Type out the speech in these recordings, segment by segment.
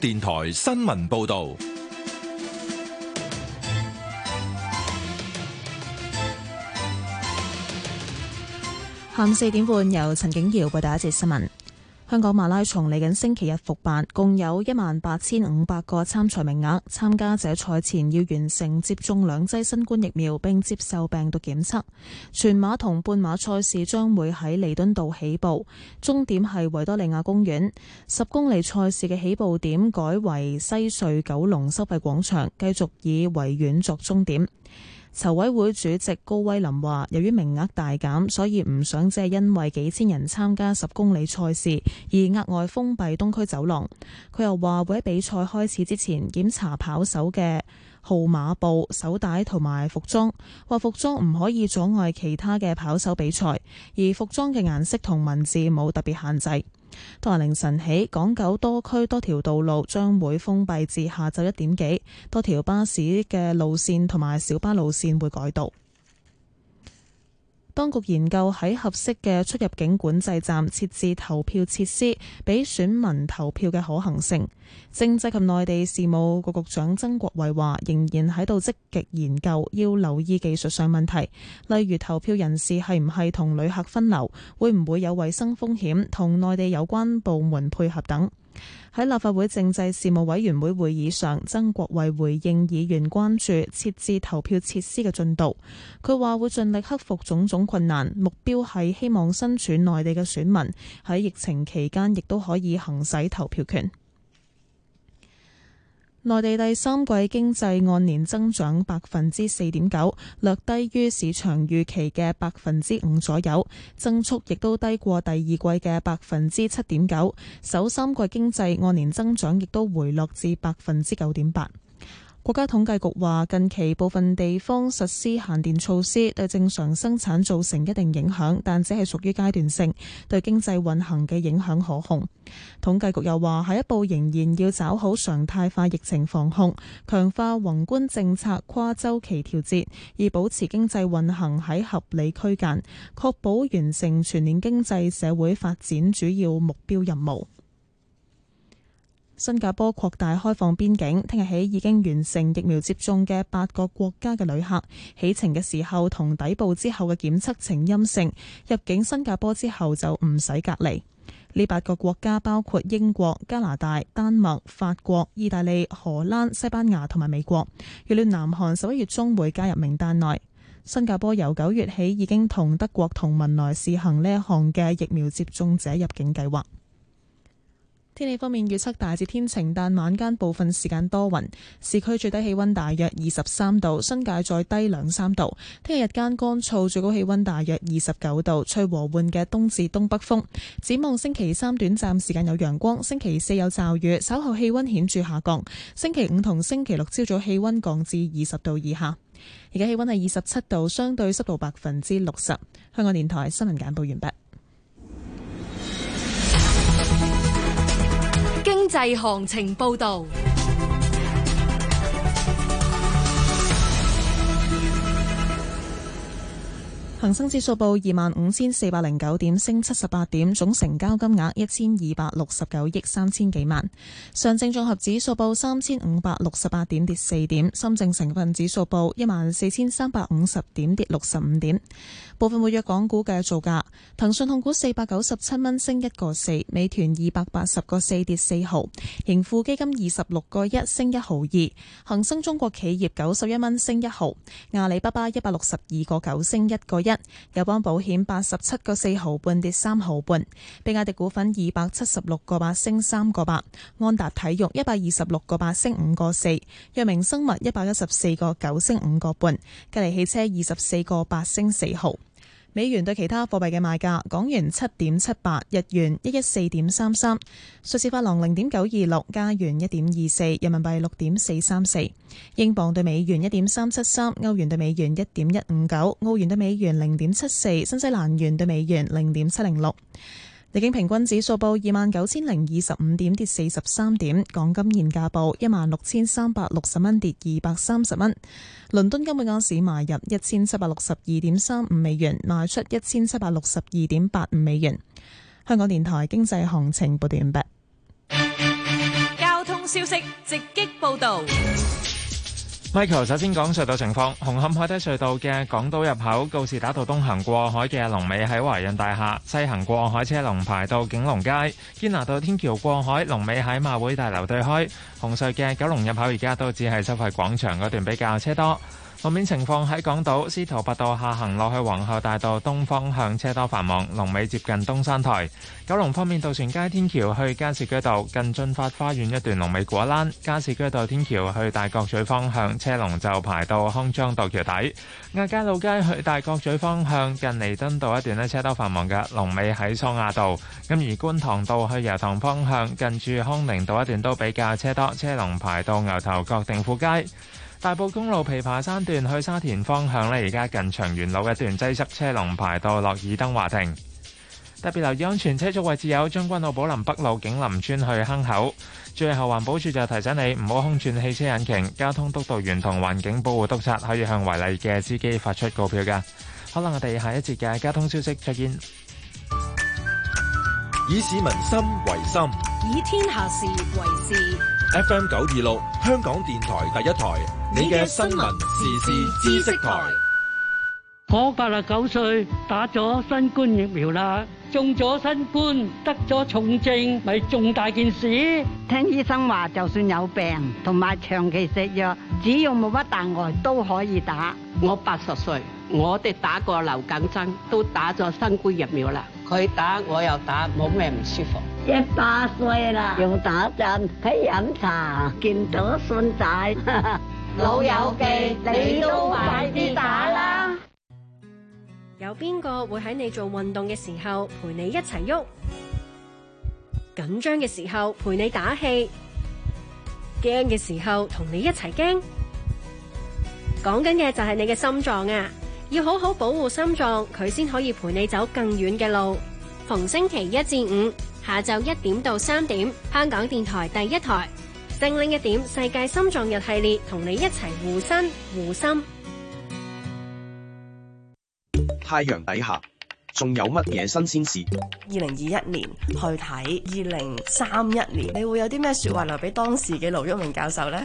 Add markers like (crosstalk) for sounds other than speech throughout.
電台新聞報道。下午四點半，由陳景瑤報道一節新聞。香港馬拉松嚟緊星期日復辦，共有一萬八千五百個參賽名額。參加者賽前要完成接種兩劑新冠疫苗，並接受病毒檢測。全馬同半馬賽事將會喺彌敦道起步，終點係維多利亞公園。十公里賽事嘅起步點改為西隧九龍收費廣場，繼續以維園作終點。籌委會主席高威林話，由於名額大減，所以唔想只係因為幾千人參加十公里賽事而額外封閉東區走廊。佢又話會喺比賽開始之前檢查跑手嘅。號碼布、手帶同埋服裝，話服裝唔可以阻礙其他嘅跑手比賽，而服裝嘅顏色同文字冇特別限制。當日凌晨起，港九多區多條道路將會封閉至下晝一點幾，多條巴士嘅路線同埋小巴路線會改道。當局研究喺合適嘅出入境管制站設置投票設施，俾選民投票嘅可行性。政制及內地事務局局長曾國衛話，仍然喺度積極研究，要留意技術上問題，例如投票人士係唔係同旅客分流，會唔會有衛生風險，同內地有關部門配合等。喺立法會政制事務委員會會議上，曾國衛回應議員關注設置投票設施嘅進度。佢話會盡力克服種種困難，目標係希望身處內地嘅選民喺疫情期間亦都可以行使投票權。內地第三季經濟按年增長百分之四點九，略低於市場預期嘅百分之五左右，增速亦都低過第二季嘅百分之七點九。首三季經濟按年增長亦都回落至百分之九點八。國家統計局話，近期部分地方實施限電措施，對正常生產造成一定影響，但只係屬於階段性，對經濟運行嘅影響可控。統計局又話，下一步仍然要抓好常態化疫情防控，強化宏觀政策跨周期調節，以保持經濟運行喺合理區間，確保完成全年經濟社會發展主要目標任務。新加坡擴大開放邊境，聽日起已經完成疫苗接種嘅八個國家嘅旅客，起程嘅時候同抵埗之後嘅檢測呈陰性，入境新加坡之後就唔使隔離。呢八個國家包括英國、加拿大、丹麥、法國、意大利、荷蘭、西班牙同埋美國。預料南韓十一月中會加入名單內。新加坡由九月起已經同德國同文萊試行呢一項嘅疫苗接種者入境計劃。天氣方面預測大致天晴，但晚間部分時間多雲。市區最低氣溫大約二十三度，新界再低兩三度。聽日日間乾燥，最高氣溫大約二十九度，吹和緩嘅東至東北風。展望星期三短暫時間有陽光，星期四有驟雨，稍後氣溫顯著下降。星期五同星期六朝早氣溫降至二十度以下。而家氣溫係二十七度，相對濕度百分之六十。香港電台新聞簡報完畢。經濟行情報道，恒生指數報二萬五千四百零九點，升七十八點，總成交金額一千二百六十九億三千幾萬。上證綜合指數報三千五百六十八點，跌四點。深證成分指數報一萬四千三百五十點，跌六十五點。部分活躍港股嘅造價：騰訊控股四百九十七蚊升一個四，美團二百八十個四跌四毫，盈富基金二十六個一升一毫二，恒生中國企業九十一蚊升一毫，阿里巴巴一百六十二個九升一個一，友邦保險八十七個四毫半跌三毫半，比亞迪股份二百七十六個八升三個八，安達體育一百二十六個八升五個四，藥明生物一百一十四個九升五個半，吉利汽車二十四個八升四毫。美元對其他貨幣嘅賣價：港元七點七八，日元一一四點三三，瑞士法郎零點九二六，加元一點二四，人民幣六點四三四，英鎊對美元一點三七三，歐元對美元一點一五九，澳元對美元零點七四，新西蘭元對美元零點七零六。離境平均指數報二萬九千零二十五點，跌四十三點。港金現價報一萬六千三百六十蚊，跌二百三十蚊。倫敦金本港市買入一千七百六十二點三五美元，賣出一千七百六十二點八五美元。香港電台經濟行情報道完畢。交通消息直擊報道。Michael 首先講隧道情況，紅磡海底隧道嘅港島入口告士打道東行過海嘅龍尾喺華潤大廈，西行過海車龍排到景隆街，堅拿道天橋過海龍尾喺馬會大樓對開，紅隧嘅九龍入口而家都只係收費廣場嗰段比較車多。路面情況喺港島，司徒拔道下行落去皇后大道東方向，車多繁忙，龍尾接近東山台。九龍方面，渡船街天橋去加士居道近俊發花園一段龍，龍尾果欄；加士居道天橋去大角咀方向，車龍就排到康莊道橋底。亞皆老街去大角咀方向近彌敦道一段咧，車多繁忙嘅龍尾喺桑亞道。咁而觀塘道去油塘方向近住康寧道一段都比較車多，車龍排到牛頭角定富街。大埔公路琵琶山段去沙田方向呢，而家近長元路一段擠塞車龍排到落爾登華庭。特別留意安全車速位置有將軍澳寶林北路、景林村去坑口。最後環保署就提醒你唔好空轉汽車引擎。交通督導員同環境保護督察可以向違例嘅司機發出告票㗎。好啦，我哋下一節嘅交通消息再見。以市民心為心，以天下事為事。FM 九二六，香港電台第一台，你嘅新聞、時事、知識台。我八十九歲，打咗新冠疫苗啦，中咗新冠，得咗重症，咪重大件事。聽醫生話，就算有病，同埋長期食藥，只要冇乜大礙，都可以打。我八十歲，我哋打過流感針，都打咗新冠疫苗啦。佢打，我又打，冇咩唔舒服。一八歲啦，用打針。去飲茶見到孫仔，老友記，你都快啲打啦。有邊個會喺你做運動嘅時候陪你一齊喐？緊張嘅時候陪你打氣，驚嘅時候同你一齊驚。講緊嘅就係你嘅心臟啊！要好好保護心臟，佢先可以陪你走更遠嘅路。逢星期一至五。下晝一點到三點，香港電台第一台，聲拎一點世界心臟日系列，同你一齊護身護心。太陽底下仲有乜嘢新鮮事？二零二一年去睇二零三一年，你會有啲咩說話留俾當時嘅盧煜明教授呢？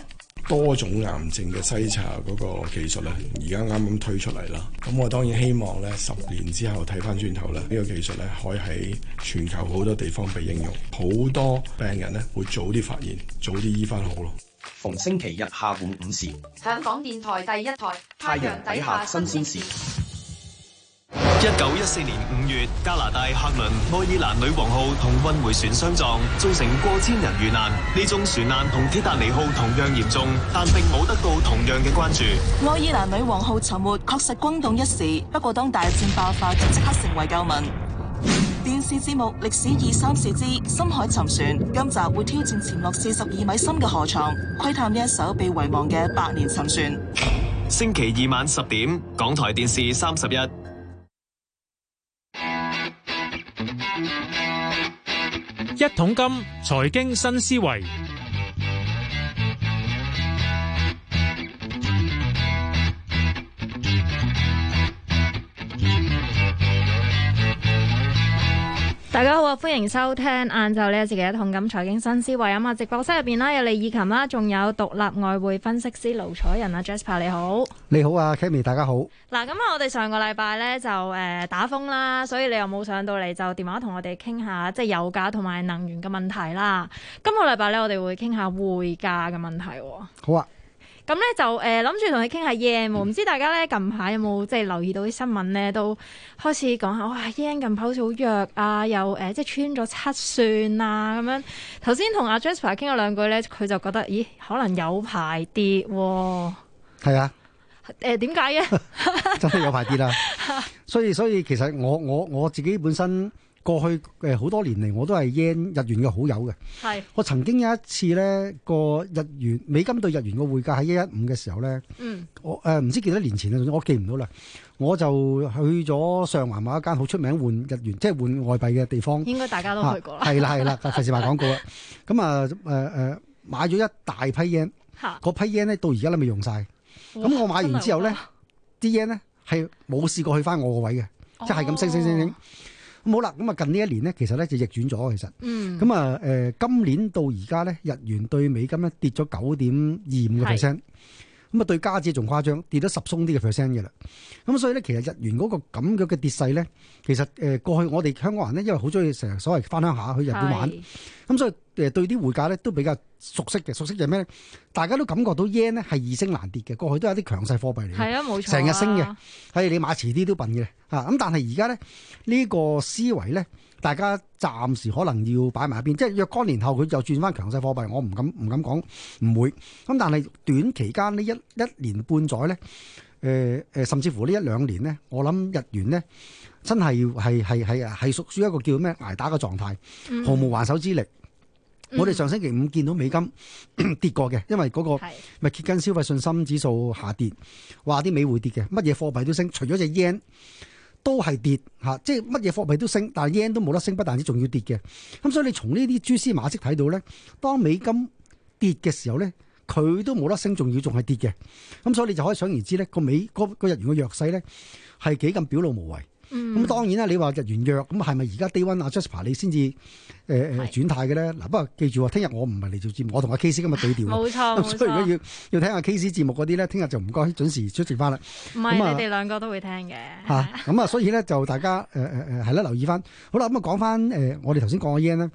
多種癌症嘅篩查嗰個技術咧，而家啱啱推出嚟啦。咁我當然希望咧，十年之後睇翻轉頭咧，呢個技術咧可以喺全球好多地方被應用，好多病人咧會早啲發現，早啲醫翻好咯。逢星期日下午五時，香港電台第一台，太陽底下新鮮事。 (laughs) 一九一四年五月，加拿大客輪愛爾蘭女王號同運回船相撞，造成過千人遇難。呢宗船難同鐵達尼號同樣嚴重，但並冇得到同樣嘅關注。愛爾蘭女王號沉沒確實轟動一時，不過當大戰爆發，即刻成為舊聞。電視節目歷史二三事之深海沉船，今集會挑戰潛落四十二米深嘅河床，窺探呢一艘被遺忘嘅百年沉船。星期二晚十點，港台電視三十一。一桶金，財經新思維。大家好，啊，歡迎收聽晏晝呢一次嘅同感財經新思維咁啊！直播室入邊啦，有李以琴啦，仲有獨立外匯分析師盧楚仁啊，Jasper 你好，你好啊，Kami 大家好。嗱，咁啊，我哋上個禮拜咧就誒、呃、打風啦，所以你又冇上到嚟，就電話同我哋傾下即係、就是、油價同埋能源嘅問題啦。今個禮拜咧，我哋會傾下匯價嘅問題。好啊。咁咧就誒諗住同你傾下 yen 唔知大家咧近排有冇即係留意到啲新聞咧，都開始講下哇 yen 近排好似好弱啊，又誒即係穿咗七算啊咁樣。頭先同阿 Jasper 傾咗兩句咧，佢就覺得咦可能有排跌喎。係啊，誒點解嘅？ (laughs) (laughs) 真係有排跌啦。所以所以其實我我我自己本身。過去誒好多年嚟，我都係 yen 日元嘅好友嘅。係是我曾經有一次咧，個日元美金對日元嘅匯價喺一一五嘅時候咧，嗯，我誒唔、呃、知幾多年前啦，我記唔到啦。我就去咗上環某一間好出名換日元，即係換外幣嘅地方。應該大家都去過啦。係啦係啦，費事賣廣告啦。咁啊誒誒，買咗一大批 yen，吓，嗰 (laughs) 批 yen 咧到而家都未用晒。咁嘩我買完之後咧，啲 yen 咧係冇試過去翻我個位嘅，即係咁升升升升。哦哦咁好啦，咁啊近呢一年咧，其實咧就逆轉咗，其實，嗯，咁啊誒，今年到而家咧，日元對美金咧跌咗九點二五個 percent。咁啊，對家姐仲誇張，跌咗十鬆啲嘅 percent 嘅啦。咁所以咧，其實日元嗰個咁樣嘅跌勢咧，其實誒過去我哋香港人咧，因為好中意成日所謂翻鄉下去日本玩，咁是所以誒對啲匯價咧都比較熟悉嘅。熟悉就係咩咧？大家都感覺到 yen 咧係易升難跌嘅，過去都係一啲強勢貨幣嚟嘅，係啊，冇錯、啊，成日升嘅。係你買遲啲都笨嘅嚇。咁、啊、但係而家咧呢、呢個思維咧。大家暫時可能要擺埋一邊，即係若干年後佢就轉翻強勢貨幣，我唔敢唔敢講唔會。咁但係短期間呢一一年半載咧，誒、呃、誒，甚至乎呢一兩年咧，我諗日元咧真係係係係係屬於一個叫咩挨打嘅狀態，毫無還手之力。嗯、我哋上星期五見到美金、嗯、 (coughs) 跌過嘅，因為嗰個咪密歇根消費信心指數下跌，話啲美匯跌嘅，乜嘢貨幣都升，除咗隻 yen。都係跌嚇，即係乜嘢貨幣都升，但係 yen 都冇得升，不但止仲要跌嘅。咁、嗯、所以你從呢啲蛛絲馬跡睇到咧，當美金跌嘅時候咧，佢都冇得升，仲要仲係跌嘅。咁、嗯、所以你就可以想而知咧，個美嗰個日元嘅弱勢咧係幾咁表露無遺。咁、嗯、當然啦，你話日元弱，咁係咪而家 Day One 阿 Jasper 你先至誒誒轉態嘅咧？嗱，不過記住，聽日我唔係嚟做節目，我同阿 K C 今日對調，冇 (laughs) 錯。所以如果要 (laughs) 要聽下 K C 節目嗰啲咧，聽日就唔該準時出席翻啦。唔係是，嗯、你哋兩個都會聽嘅。嚇、啊，咁啊，啊，所以咧就大家誒誒誒係啦，留意翻。好啦，咁啊講翻誒我哋頭先講嘅 yen 咧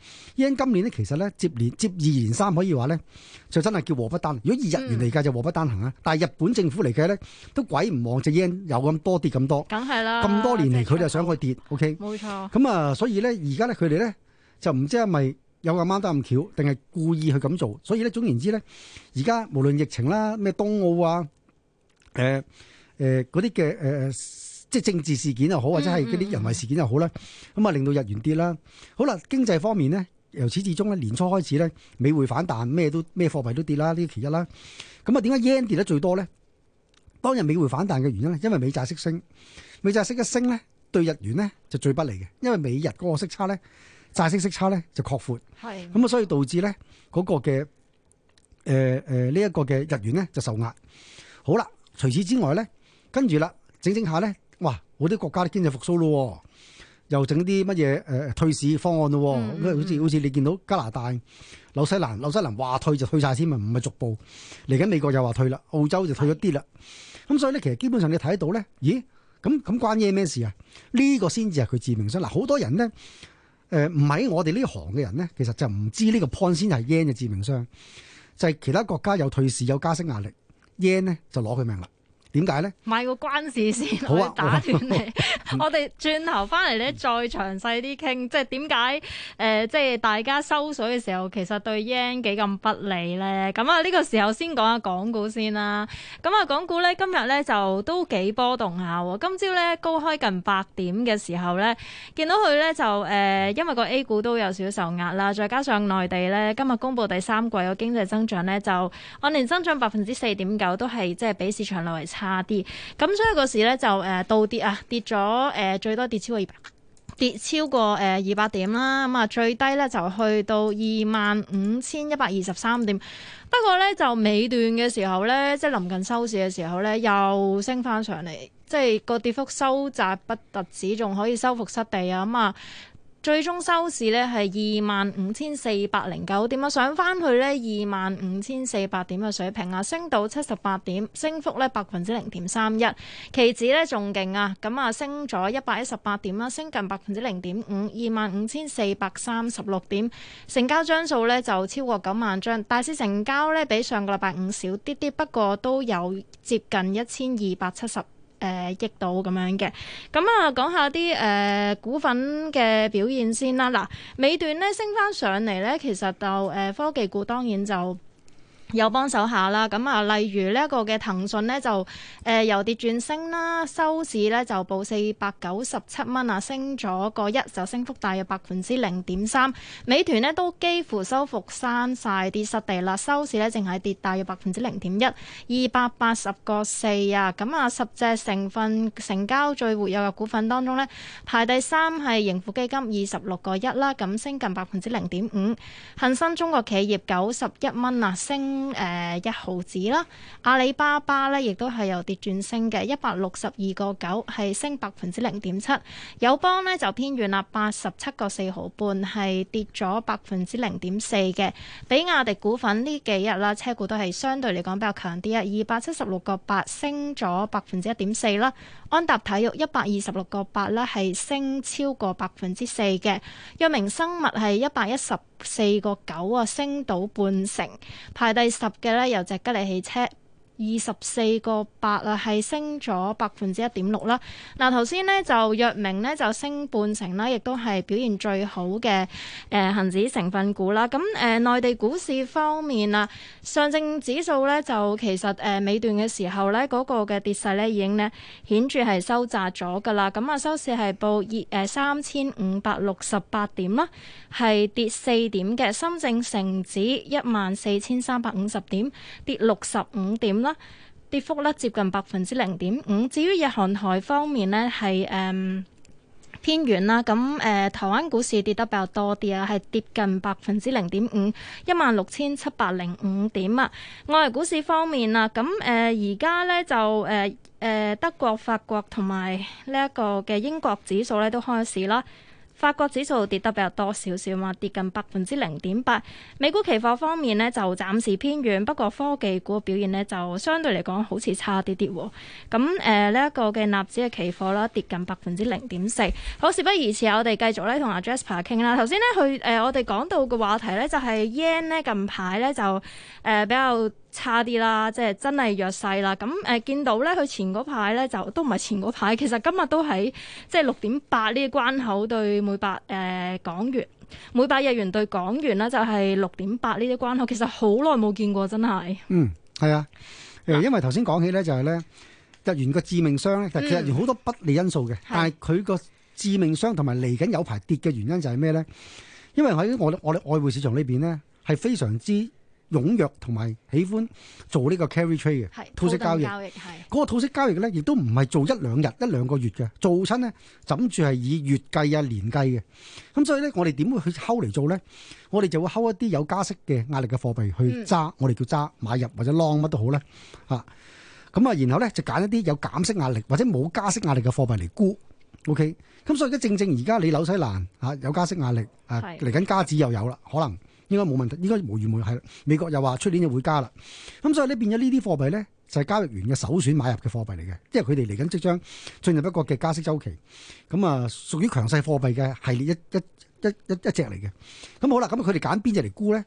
，yen 今年咧其實咧接連接二連三可以話咧，就真係叫禍不單。如果以日元嚟計就禍不單行啊！嗯、但係日本政府嚟計咧都鬼唔望隻 yen 有咁多跌咁多，梗係啦，咁多年嚟。佢哋想佢跌，OK？冇錯。咁啊，所以咧，而家咧，佢哋咧就唔知係咪有咁啱得咁巧，定係故意去咁做。所以咧，總言之咧，而家無論疫情啦、咩冬奧啊、誒誒嗰啲嘅誒，即係政治事件又好，或者係嗰啲人為事件又好啦，咁啊、嗯嗯、令到日元跌啦。好啦，經濟方面咧，由始至終咧，年初開始咧，美匯反彈，咩都咩貨幣都跌啦，呢個其一啦。咁啊，點解 yen 跌得最多咧？當日美匯反彈嘅原因咧，因為美債息升，美債息一升咧。對日元咧就最不利嘅，因為美日嗰個息差咧，債息息差咧就擴闊，係咁啊，所以導致咧嗰個嘅誒誒呢一個嘅日元咧就受壓。好啦，除此之外咧，跟住啦，整整下咧，哇，我啲國家啲經濟復蘇咯，又整啲乜嘢誒退市方案咯，好似好似你見到加拿大、紐西蘭、紐西蘭話退就退晒先嘛，唔係逐步嚟緊。美國又話退啦，澳洲就退咗啲啦，咁的所以咧，其實基本上你睇到咧，咦？咁咁關 yen 咩事啊？呢、這個先至係佢致命傷。嗱，好多人咧，誒、呃，唔喺我哋呢行嘅人咧，其實就唔知呢個 point 先係 yen 嘅致命傷，就係、是、其他國家有退市、有加息壓力，yen 咧就攞佢命啦。點解咧？呢賣個關子先，啊、我打斷你。啊啊、 (laughs) 我哋轉頭翻嚟咧，再詳細啲傾，即係點解誒，即係大家收水嘅時候，其實對 yen 幾咁不利咧？咁啊，呢、呢個時候先講下港股先啦。咁啊，港股咧今日咧就都幾波動下喎。今朝咧高開近八點嘅時候咧，見到佢咧就誒、呃，因為個 A 股都有少少受壓啦，再加上內地咧今日公布第三季個經濟增長咧，就按年增長百分之四點九，都係即係比市場內為差。下、嗯呃、跌，咁所以嗰時咧就誒倒跌啊，跌咗誒、呃、最多跌超過二百，跌超過誒二百點啦。咁啊最低咧就去到二萬五千一百二十三點。不過咧就尾段嘅時候咧，即係臨近收市嘅時候咧，又升返上嚟，即係個跌幅收窄不特止，仲可以收復失地啊咁啊。嗯最終收市呢係二萬五千四百零九點啊，上翻去呢，二萬五千四百點嘅水平啊，升到七十八點，升幅呢百分之零點三一。期指呢仲勁啊，咁啊升咗一百一十八點啦，升近百分之零點五，二萬五千四百三十六點。成交張數呢就超過九萬張，大市成交呢，比上個禮拜五少啲啲，不過都有接近一千二百七十。誒、呃、億度咁樣嘅，咁啊講下啲誒股份嘅表現先啦。嗱，尾段咧升翻上嚟咧，其實就誒、呃、科技股當然就。有幫手下啦，咁啊，例如呢一個嘅騰訊呢，就、呃、誒由跌轉升啦，收市呢就報四百九十七蚊啊，升咗個一就升幅大約百分之零點三。美團呢都幾乎收復三晒跌失地啦，收市呢淨係跌大約百分之零點一，二百八十個四啊。咁啊，十隻成分成交最活躍嘅股份當中呢，排第三係盈富基金，二十六個一啦，咁升近百分之零點五。恒生中國企業九十一蚊啊，升，誒、啊，一毫子啦，阿里巴巴咧，亦都係由跌轉升嘅，一百六十二個九係升百分之零點七，友邦呢就偏軟啦，八十七個四毫半係跌咗百分之零點四嘅，比亞迪股份呢幾日啦，車股都係相對嚟講比較強啲啊，二百七十六個八升咗百分之一點四啦，安踏體育一百二十六個八啦係升超過百分之四嘅，藥明生物係一百一十四個九啊，升到半成，排第。第十嘅咧，有隻吉利汽車。二十四個八啊，係升咗百分之一點六啦。嗱，頭先呢就藥明呢就升半成啦，亦都係表現最好嘅，誒恆指成分股啦。咁誒內地股市方面啊，上證指數呢，就其實誒尾段嘅時候呢，嗰個嘅跌勢呢，已經呢顯著係收窄咗㗎啦。咁啊收市係報二誒三千五百六十八點啦，係跌四點嘅。深證成指一萬四千三百五十點，跌六十五點。跌幅咧接近百分之零點五。至於日韓台方面咧，係誒、嗯、偏軟啦。咁誒、呃，台灣股市跌得比較多啲啊，係跌近百分之零點五，一萬六千七百零五點啊。外圍股市方面啊，咁誒而家呢就誒誒、呃呃、德國、法國同埋呢一個嘅英國指數咧都開市啦。法國指數跌得比較多少少嘛，跌近百分之零點八。美股期貨方面呢，就暫時偏軟，不過科技股表現呢，就相對嚟講好似差啲啲喎。咁誒呢一個嘅納指嘅期貨啦，跌近百分之零點四。好，事不宜遲，我哋繼續咧同阿 Jasper 傾啦。頭先呢，佢誒、呃、我哋講到嘅話題呢，就係、是、yen 呢近排呢，就、呃、誒比較。差啲啦，即係真係弱勢啦。咁誒、呃，見到咧，佢前嗰排咧，就都唔係前嗰排，其實今日都喺即係六點八呢個關口對每百誒、呃、港元，每百日元對港元呢，就係六點八呢啲關口，其實好耐冇見過，真係。嗯，係啊。因為頭先講起咧、就係，就係咧日元個致命傷咧，其實日元好、嗯、多不利因素嘅。的但係佢個致命傷同埋嚟緊有排跌嘅原因就係咩咧？因為喺我我哋外匯市場呢邊咧係非常之。踴躍同埋喜歡做呢個 carry trade 嘅套息交易，嗰個套息交易咧，亦都唔係做一兩日，是一兩個月嘅，做親咧，諗住係以月計啊、年計嘅。咁所以咧，我哋點會去摳嚟做咧？我哋就會摳一啲有加息嘅壓力嘅貨幣去揸，嗯、我哋叫揸買入或者 long 乜都好咧。吓咁啊，然後咧就揀一啲有減息壓力或者冇加息壓力嘅貨幣嚟沽。OK，咁所以咧，正正而家你紐西蘭吓、啊、有加息壓力，係嚟緊加子又有啦、啊，可能。應該冇問題，應該無虞冇係。美國又話出年就會加啦，咁所以咧變咗呢啲貨幣咧就係交易員嘅首選買入嘅貨幣嚟嘅，因為佢哋嚟緊即將進入一個嘅加息周期，咁啊屬於強勢貨幣嘅系列一一一一一隻嚟嘅。咁好啦，咁佢哋揀邊隻嚟沽咧？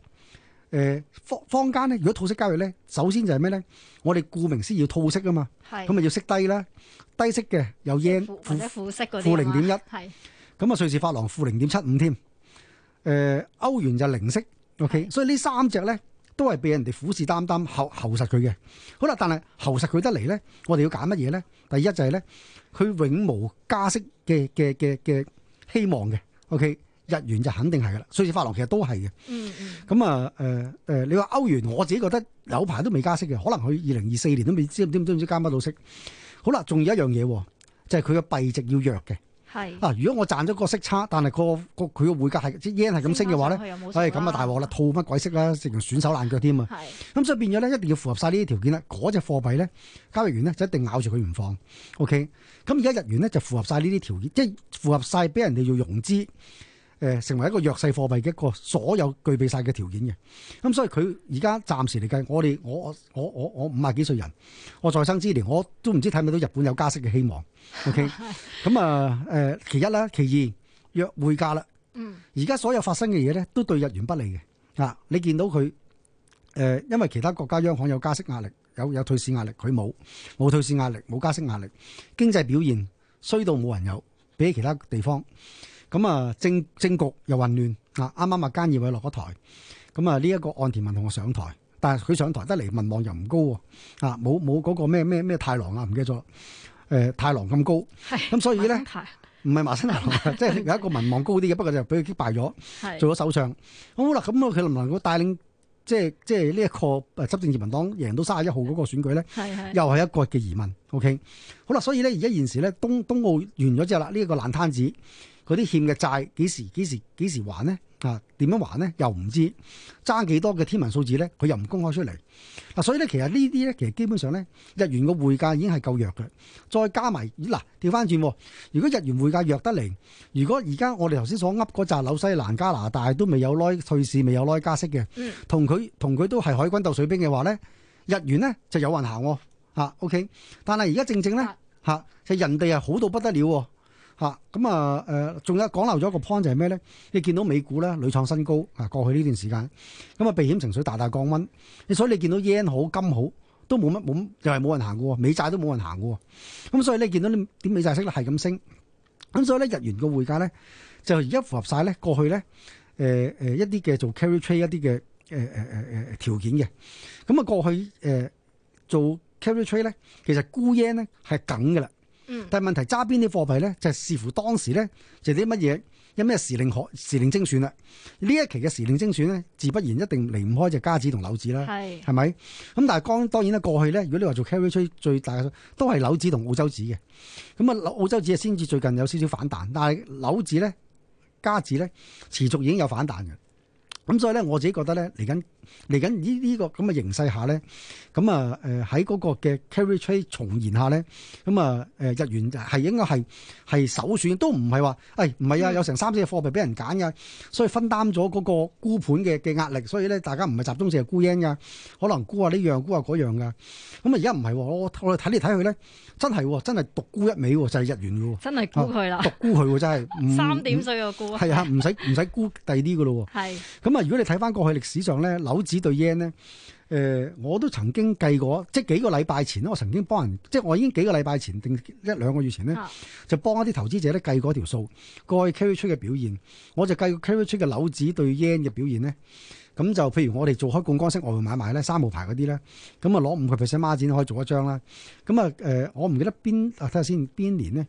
誒，坊坊間咧，如果套息交易咧，首先就係咩咧？我哋顧名思義要套息啊嘛，咁咪要息低啦，低息嘅有 yen，負負息嗰啲，負零點一，係咁啊瑞士法郎負零點七五添。誒，歐、呃、元就零息，OK，嗯、所以三隻呢三隻咧都係俾人哋虎視眈眈，后后實佢嘅。好啦，但係后實佢得嚟咧，我哋要揀乜嘢咧？第一就係咧，佢永無加息嘅嘅嘅嘅希望嘅，OK。日元就肯定係噶啦，瑞士法郎其實都係嘅。嗯嗯。咁啊，誒、呃、誒，你話歐元，我自己覺得有排都未加息嘅，可能佢二零二四年都未知都唔知唔知加乜到息。好啦，仲有一樣嘢，就係佢嘅幣值要弱嘅。係嗱是、啊，如果我賺咗個息差，但係個個佢個匯價係即係 yen 係咁升嘅話咧，係咁啊大鑊啦，套乜鬼息啦，成日損手爛腳添啊！咁是所以變咗咧，一定要符合晒呢啲條件啦。嗰隻貨幣咧，交易員咧就一定咬住佢唔放。OK，咁而家日元咧就符合晒呢啲條件，即係符合晒俾人哋要融資。誒，成為一個弱勢貨幣嘅一個所有具備晒嘅條件嘅，咁、嗯、所以佢而家暫時嚟計，我哋我我我我我五廿幾歲五十幾歲人，我在生之年，我都唔知睇唔睇到日本有加息嘅希望。OK，咁啊、 (laughs) 嗯，誒其一啦，其二約匯價啦。嗯，而家所有發生嘅嘢咧，都對日元不利嘅。啊，你見到佢誒、呃，因為其他國家央行有加息壓力，有有退市壓力，佢冇冇退市壓力，冇加息壓力，經濟表現衰到冇人有，比起其他地方。咁啊，政政局又混亂啊！啱啱啊，菅義偉落咗台，咁啊呢一個岸田文雄上台，但係佢上台得嚟民望又唔高啊，冇冇嗰個咩咩咩太郎啊，唔記得咗誒太郎咁高咁，所以咧唔係麻生太郎，即係有一個民望高啲嘅，不過就俾佢擊敗咗，做咗首相。好啦，咁佢能唔能夠帶領即係即係呢一個執政自民黨贏到三十一號嗰個選舉咧？係係又係一個嘅疑問。OK，好啦，所以咧而家現時咧東東奧完咗之後啦，呢一個爛攤子，嗰啲欠嘅債幾時幾時幾時還呢？啊，點樣還呢？又唔知爭幾多嘅天文數字呢？佢又唔公開出嚟。嗱、啊，所以咧，其實呢啲呢，其實基本上呢，日元嘅匯價已經係夠弱嘅。再加埋咦、嗱，調翻轉，如果日元匯價弱得嚟，如果而家我哋頭先所噏嗰紮紐西蘭、加拿大都未有耐退市，未有耐加息嘅、嗯，同佢同佢都係海軍鬥水兵嘅話呢，日元呢，就有運行喎、啊。啊、o、okay? k 但係而家正正呢，嚇、啊，就人哋係好到不得了、啊。嚇，咁啊誒，仲有講漏咗一個 point 就係咩咧？你見到美股咧，屢創新高啊！過去呢段時間，咁啊避險情緒大大降溫，所以你見到 yen 好金好都冇乜冇又係冇人行嘅喎，美債都冇人行嘅喎，咁所以你見到啲啲美債息咧係咁升，咁所以咧日元嘅匯價咧就而家符合晒咧過去咧誒誒一啲嘅做 carry trade 一啲嘅誒誒誒誒條件嘅，咁啊過去誒、呃、做 carry trade 咧其實沽 yen 咧係梗嘅啦。但係問題揸邊啲貨幣咧，就係視乎當時咧，就啲乜嘢有咩時令可時令精選啦。呢一期嘅時令精選咧，自不然一定離唔開就家子同樓子啦，係咪咁？但係當當然啦，過去咧，如果你話做 carry trade 最大都係樓子同澳洲子嘅咁啊。澳洲子啊先至最近有少少反彈，但係樓子咧家子咧持續已經有反彈嘅咁，所以咧我自己覺得咧嚟緊。嚟緊呢呢個咁嘅形勢下咧，咁啊誒喺嗰個嘅 carry trade 重演下咧，咁啊誒日元係應該係係首選，都唔係話誒唔係啊，有成三四個貨幣俾人揀噶，所以分擔咗嗰個沽盤嘅嘅壓力，所以咧大家唔係集中淨係沽 yen 噶，可能沽下呢、這、樣、個、沽下嗰樣噶，咁而家唔係我我睇嚟睇去咧，真係真係獨沽一味就係、是、日元噶、啊，真係沽佢啦，獨沽佢真係三點水嘅沽係啊，唔使唔使沽第啲噶咯，係咁啊！ (laughs) 是如果你睇翻過去歷史上咧，樓樓紙對 yen 咧，誒，我都曾經計過，即係幾個禮拜前咧，我曾經幫人，即係我已經幾個禮拜前定一兩個月前咧，啊、就幫一啲投資者咧計過條數，個 carry trade 嘅表現，我就計個 carry trade 嘅樓指對 yen 嘅表現咧，咁就譬如我哋做開槓桿式，外匯買賣咧三號牌嗰啲咧，咁啊攞五個 percent 孖展可以做一張啦，咁啊誒，我唔記得邊啊睇下先邊年咧，誒、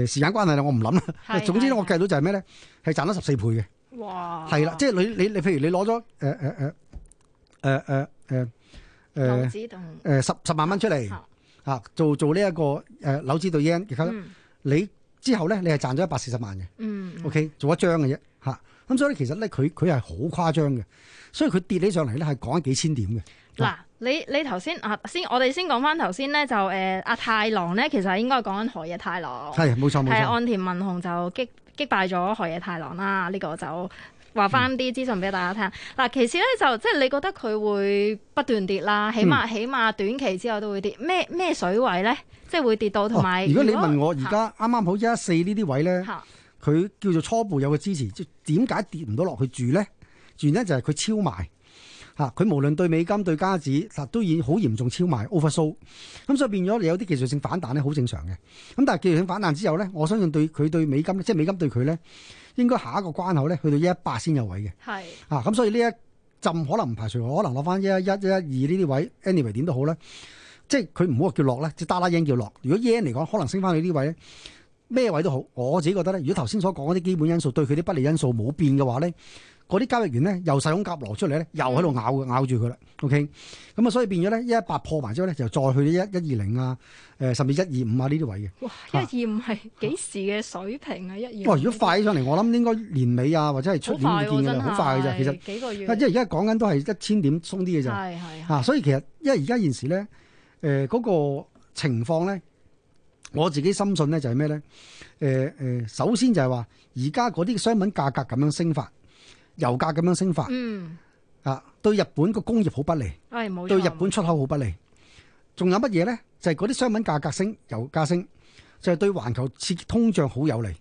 呃、時間關係啦，我唔諗啦，總之我計到就係咩咧，係賺咗十四倍嘅，哇，係啦，即係你你你，譬如你攞咗誒誒誒。呃呃呃呃誒誒誒誒，子同誒十十萬蚊出嚟，吓、哦、做做呢、這、一個誒樓、呃、子對 yen，而家你之後咧，你係賺咗一百四十萬嘅，嗯，OK 做一張嘅啫，吓、啊、咁所以其實咧佢佢係好誇張嘅，所以佢跌起上嚟咧係講緊幾千點嘅。嗱、啊，你你頭先啊先，我哋先講翻頭先咧就誒阿、呃、太郎咧，其實係應該講緊河野太郎，係冇錯，冇錯，係、嗯、岸田文雄就擊擊敗咗河野太郎啦，呢、啊這個就。話翻啲資訊俾大家聽。嗱，其次咧就即係你覺得佢會不斷跌啦，起碼起碼短期之後都會跌。咩咩水位咧，即係會跌到同埋，哦。如果你問我而家啱啱好一一四呢啲位咧，佢、啊、叫做初步有個支持，即點解跌唔到落去住咧？原因就係佢超賣吓，佢、啊、無論對美金對加指，但都已好嚴重超賣 oversold。咁所以變咗你有啲技術性反彈咧，好正常嘅。咁但係技術性反彈之後咧，我相信對佢對美金即係美金對佢咧。應該下一個關口咧，去到一一百先有位嘅。係是啊，咁所以呢一陣可能唔排除可能攞翻一一一一二呢啲位，anyway 點都好咧。即係佢唔好話叫落咧，即係 dollar yen 叫落。如果 yen 嚟講，可能升翻去呢啲位咧，咩位都好。我自己覺得咧，如果頭先所講嗰啲基本因素對佢啲不利因素冇變嘅話咧。嗰啲交易員咧，又細恐夾攞出嚟咧，又喺度咬咬住佢啦。O K. 咁啊，所以變咗咧，一一八破埋之後咧，就再去一一二零啊，誒，甚至一二五啊呢啲位嘅。哇！一二五係幾時嘅水平啊？一二哇！如果快起上嚟，啊、我諗應該年尾啊，或者係出年見嘅喇，好快嘅啫。其實的是幾個月，因為而家講緊都係一千點鬆啲嘅啫係係嚇，所以其實因為而家現時咧，誒、呃、嗰、那個情況咧，我自己深信咧就係咩咧？誒、呃、誒、呃，首先就係話而家嗰啲商品價格咁樣升發，油價咁樣升法，嗯、啊，對日本個工業好不利，哎、冇錯、對日本出口好不利。仲有乜嘢咧？就係嗰啲商品價格升，油價升，就係、係、對環球刺激通脹好有利。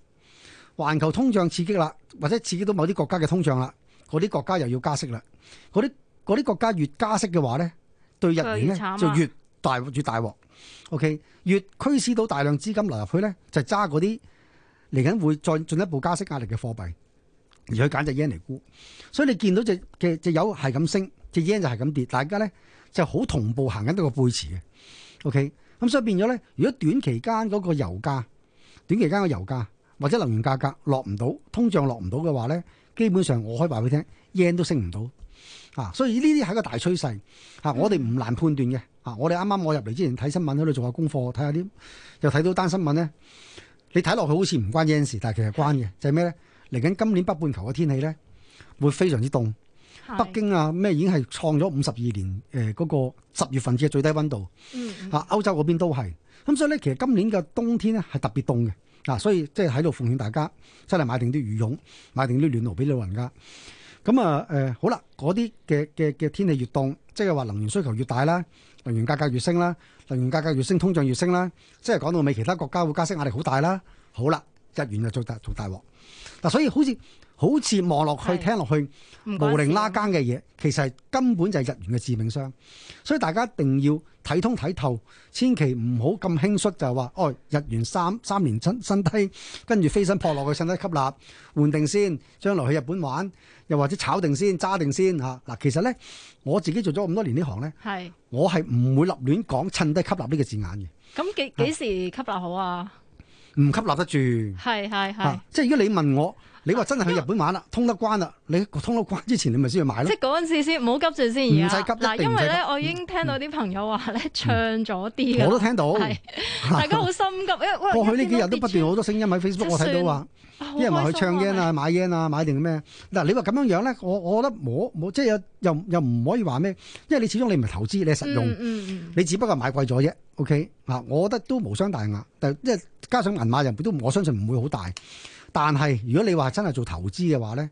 環球通脹刺激啦，或者刺激到某啲國家嘅通脹啦，嗰啲國家又要加息啦。嗰啲嗰啲國家越加息嘅話咧，對日元咧就越大越大鑊。OK，越驅使到大量資金流入去咧，就揸嗰啲嚟緊會再進一步加息壓力嘅貨幣而去揀就 yen 嚟沽，所以你見到隻嘅隻油係咁升，隻 yen 就係咁跌，大家咧就好同步行緊一個背馳嘅，OK。咁所以變咗咧，如果短期間嗰個油價、短期間嘅油價或者能源價格落唔到，通脹落唔到嘅話咧，基本上我可以話你聽 yen 都升唔到啊。所以呢啲係一個大趨勢啊。我哋唔難判斷嘅啊。我哋啱啱我入嚟之前睇新聞喺度做下功課，睇下啲又睇到單新聞咧，你睇落去好似唔關 yen 事，但係其實關嘅就係咩咧？嚟緊今年北半球嘅天氣咧，會非常之凍。是北京啊，咩已經係創咗五十二年誒嗰、呃那個十月份嘅最低温度。嚇、嗯啊，歐洲嗰邊都係。咁、嗯、所以咧，其實今年嘅冬天咧係特別凍嘅。嗱、啊，所以即係喺度奉勸大家，真係買定啲羽絨，買定啲暖爐俾老人家。咁、嗯、啊誒、呃，好啦，嗰啲嘅嘅嘅天氣越凍，即係話能源需求越大啦，能源價格越升啦，能源價格越升，通脹越升啦，即係講到尾，其他國家會加息壓力好大啦。好啦。日元就做大做大鑊，嗱、啊、所以好似好似望落去聽落去的無釐拉更嘅嘢，其實根本就係日元嘅致命傷，所以大家一定要睇通睇透，千祈唔好咁輕率就係話，哦、哎，日元三三年新新低，跟住飛身撲落去新低吸納換定先，將來去日本玩，又或者炒定先揸定先嚇嗱、啊啊，其實咧我自己做咗咁多年呢行咧，的我係唔會立亂講趁低吸納呢、這個字眼嘅。咁幾幾時吸納好啊？唔吸納得住，係係係，即係如果你問我，你話真係去日本玩啦，為通得關啦，你通得關之前，你咪先去買咯。即係嗰陣時先，唔好急住先而家。唔使急得定急。因為咧，嗯、我已經聽到啲朋友話咧，唱咗啲。我都聽到，係大家好心急，因為、 (laughs) 哎、過去呢幾日都不斷好多聲音喺 Facebook，算我睇到話。啲人話去唱煙啊、買煙啊、買定咩？嗱，你話咁樣樣咧，我我覺得冇冇，即係又又又唔可以話咩？因為你始終你唔係投資，你係實用，嗯嗯、你只不過買貴咗啫。OK，啊，我覺得都無傷大雅，但即係加上銀碼入邊都我相信唔會好大。但係如果你話真係做投資嘅話咧，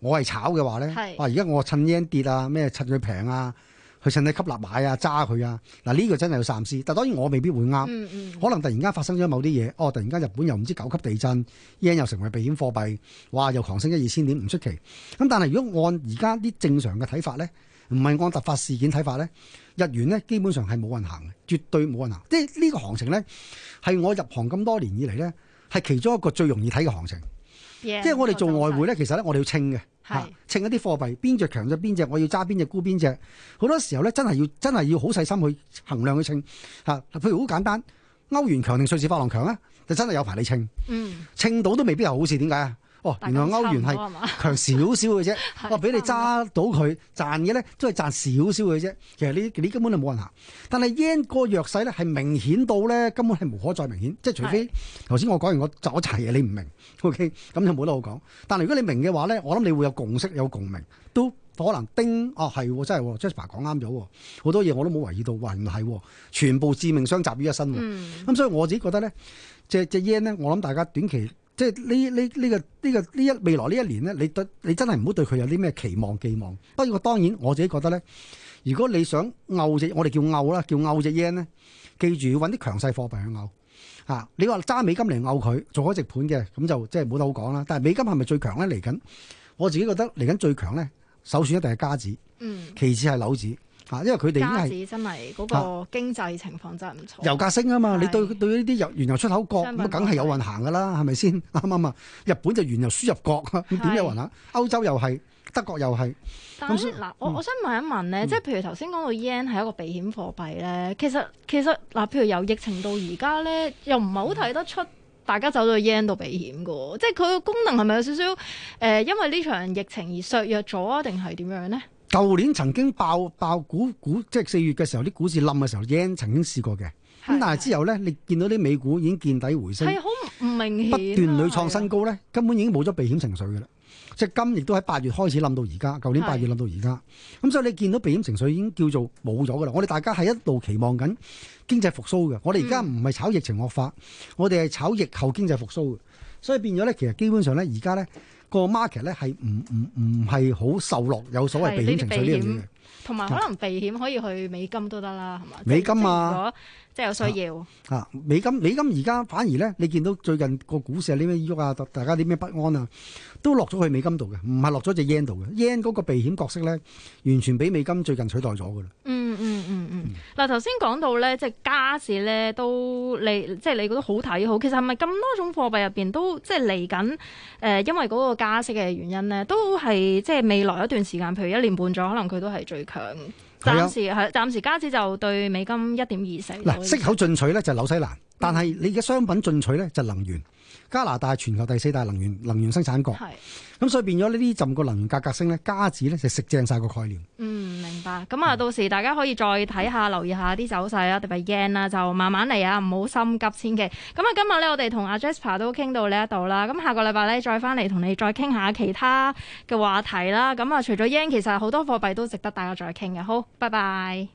我係炒嘅話咧，哇是！而家我趁煙跌啊，咩趁佢平啊～去趁你吸納買啊，揸佢啊，嗱、這、呢個真係要三思。但當然我未必會啱，嗯嗯，可能突然間發生咗某啲嘢，哦，突然間日本又唔知九級地震，yen 又成為避險貨幣，哇，又狂升一二千點唔出奇。咁但係如果按而家啲正常嘅睇法咧，唔係按突發事件睇法咧，日元咧基本上係冇人行嘅，絕對冇人行。即係呢個行情咧，係我入行咁多年以嚟咧，係其中一個最容易睇嘅行情。Yeah, 即係我哋做外匯咧，其實咧我哋要稱嘅吓，稱是一啲貨幣邊隻強咗邊隻，我要揸邊隻沽邊隻。好多時候咧，真係要真係要好細心去衡量去稱吓。譬如好簡單，歐元強定瑞士法郎強咧，就真係有排你稱。嗯，稱到都未必係好事，點解啊？哦、喔，原來歐元係強少少嘅啫，我俾 (laughs) 你揸到佢賺嘅咧，都係賺少少嘅啫。其實呢，你根本就冇人行。但係 yen 個弱勢咧，係明顯到咧，根本係無可再明顯。即係除非頭先我講完我我查嘢，你唔明，OK？咁就冇得好講。但係如果你明嘅話咧，我諗你會有共識，有共鳴，都可能丁哦係、啊，真係，Jasper 講啱咗喎。好多嘢我都冇懷疑到，哇，原來係全部致命傷集於一身。咁所以我自己覺得咧，只只 yen 咧，我諗大家短期。即係呢呢呢個呢個呢一未來呢一年咧，你對你真係唔好對佢有啲咩期望寄望。不過當然我自己覺得咧，如果你想嘔隻我哋叫嘔啦，叫嘔隻 yen 咧，記住要搵啲強勢貨幣去嘔啊！你話揸美金嚟嘔佢做開直盤嘅，咁就即係冇得好講啦。但係美金係咪最強咧？嚟緊我自己覺得嚟緊最強咧，首選一定係加指，其次係樓指。因為佢哋家子真係嗰個經濟情況、啊、真係唔錯。油價升啊嘛，是你對對呢啲油原油出口國咁梗係有運行噶啦，係咪先？啱嘛嘛，日本就原油輸入國啊，點是有運行？歐洲又係，德國又係。咁嗱，是我、嗯、我想問一問咧，即係、嗯、譬如頭先講到 yen 係一個避險貨幣咧，其實其實，嗱，譬如由疫情到而家咧，又唔係好睇得出大家走咗去 yen 度避險嘅喎，即係佢個功能係咪有少少誒？因為呢場疫情而削弱咗啊？定係點樣咧？舊年曾經爆爆股股，即係四月嘅時候，啲股市冧嘅時候 yen 曾經試過嘅。咁的但係之後咧，你見到啲美股已經見底回升，係好唔明顯。不斷屢創新高咧，的根本已經冇咗避險情緒嘅啦。即係今亦都喺八月開始冧到而家，舊年八月冧到而家。咁的所以你見到避險情緒已經叫做冇咗嘅啦。我哋大家係一度期望緊經濟復甦嘅。我哋而家唔係炒疫情惡化，嗯、我哋係炒疫後經濟復甦嘅。所以變咗咧，其實基本上咧，而家咧。個 market 咧係唔唔唔係好受落有所謂避險情緒呢啲嘢嘅，同埋、啊、可能避險可以去美金都得啦，係嘛？美金啊，即係有需要啊。啊，美金美金而家反而咧，你見到最近個股市啲咩喐啊，大家啲咩不安啊，都落咗去美金度嘅，唔係落咗隻 yen 度嘅。yen 嗰個避險角色咧，完全俾美金最近取代咗噶啦。嗯嗯嗯嗯，嗱、嗯，頭先講到咧，即係加士咧都你，即係你覺得好睇好，其實係咪咁多種貨幣入邊都即係嚟緊？誒，因為嗰個加息嘅原因咧，都係即係未來一段時間，譬如一年半載，可能佢都係最強。暫時係，暫有時加士就對美金一點二四。嗱，息口進取咧就係紐西蘭，嗯、但係你嘅商品進取咧就能源。加拿大全球第四大能源能源生產國，咁是所以變咗呢啲浸個能源價格升咧，加紙咧就食正晒個概念。嗯，明白咁啊。嗯、到時大家可以再睇下，留意下啲走勢啦。特別係 yen 啦、啊，就慢慢嚟啊，唔好心急千，千祈咁啊。今日咧，我哋同阿 Jasper 都傾到呢一度啦。咁下個禮拜咧，再翻嚟同你再傾下其他嘅話題啦。咁啊，除咗 yen，其實好多貨幣都值得大家再傾嘅。好，拜拜。